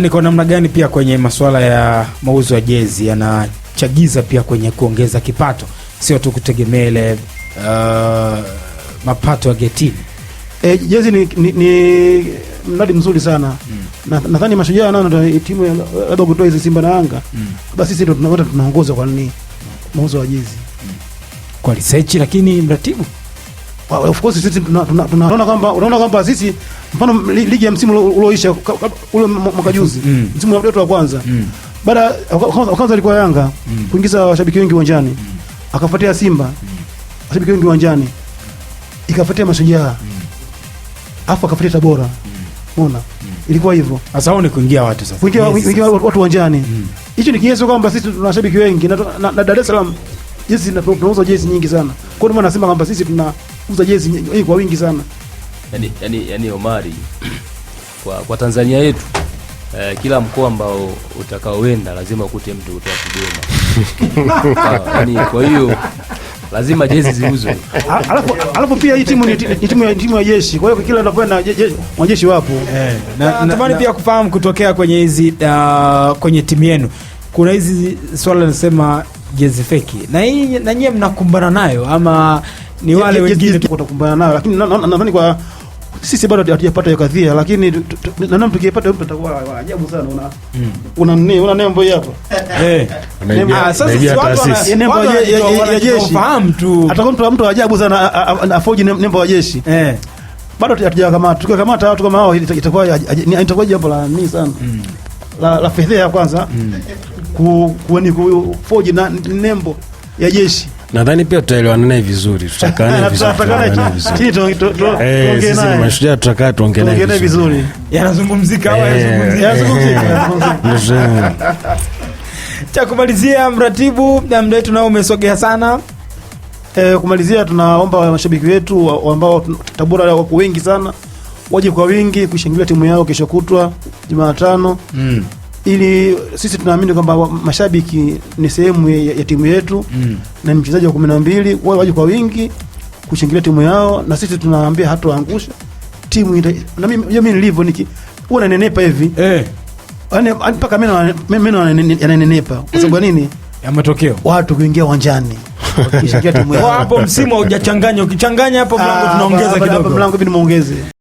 ni kwa namna gani pia kwenye masuala ya mauzo ya jezi yanachagiza pia kwenye kuongeza kipato, sio tu kutegemea ile uh, mapato ya getini? E, jezi ni, ni, ni mradi mzuri sana mm. Nadhani na mashujaa nao timu labda kutoa hizi Simba na Yanga mm. Basi sisi ndio tunaongoza kwa nini hmm. mauzo ya jezi mm. kwa research, lakini mratibu Of course sisi tunaona kwamba unaona kwamba sisi mfano ligi ya msimu ulioisha ule mwaka juzi, mm. msimu wetu wa kwanza, mm. baada kwanza alikuwa Yanga mm. kuingiza washabiki wengi uwanjani, akafuatia Simba washabiki wengi uwanjani, ikafuatia Mashujaa, afu akafuatia Tabora. Unaona ilikuwa hivyo. Sasa hao ni kuingia watu sasa, kuingia watu uwanjani, hicho ni kigezo kwamba sisi tuna washabiki wengi, na Dar es Salaam jezi tunauza jezi nyingi sana, kwa hiyo maana nasema kwamba sisi tuna kuuza jezi kwa wingi sana. Yani, yani, yani Omari kwa, kwa Tanzania yetu eh, kila mkoa ambao utakaoenda lazima ukute mtu kutoka Kigoma. Yani, kwa hiyo lazima jezi ziuzwe. Alafu alafu pia hii timu ni timu timu ya jeshi, kwa hiyo kila unapoenda wanajeshi wapo. Eh, na eh, natamani pia kufahamu kutokea kwenye hizi uh, kwenye timu yenu kuna hizi swala linasema jezi feki, na hii na nyie mnakumbana nayo ama ni wale wengine tu tutakumbana nao, lakini nadhani kwa sisi bado hatujapata hiyo kadhia, lakini nadhani tukipata mtu atakuwa ajabu sana. Una hmm. una nini, una nembo hii hapa eh, sasa si watu na nembo ya jeshi, fahamu tu, atakuwa mtu mtu ajabu sana, afoji nembo ya jeshi eh bado hatujawakamata. Tukiwakamata watu kama hao, itakuwa itakuwa jambo la nini sana mm. la, la fedheha kwanza mm. ku, ku, ku, ku, forge na nembo ya jeshi Nadhani pia tutaelewana vizuri, tutakaa tutakaa tuongee cha kumalizia, mratibu, muda wetu nao umesogea sana. E, kumalizia, tunaomba mashabiki wetu ambao Tabora wako wengi sana waje kwa wingi kushangilia timu yao kesho kutwa jumaatano mm ili sisi tunaamini kwamba mashabiki ni sehemu ya, ya timu yetu mm. na mchezaji wa kumi na mbili wao waje kwa wingi kushangilia timu yao, na sisi tunaambia hatuangusha timu ita, na mimi mimi nilivyo niki huwa nanenepa hivi eh, yani yaani mpaka mimi mimi nanenepa kwa sababu mm. nini ya matokeo watu kuingia uwanjani wakishangilia timu yao hapo. Msimu haujachanganya, ukichanganya hapo mlango ah, tunaongeza kidogo, mlango hivi muongeze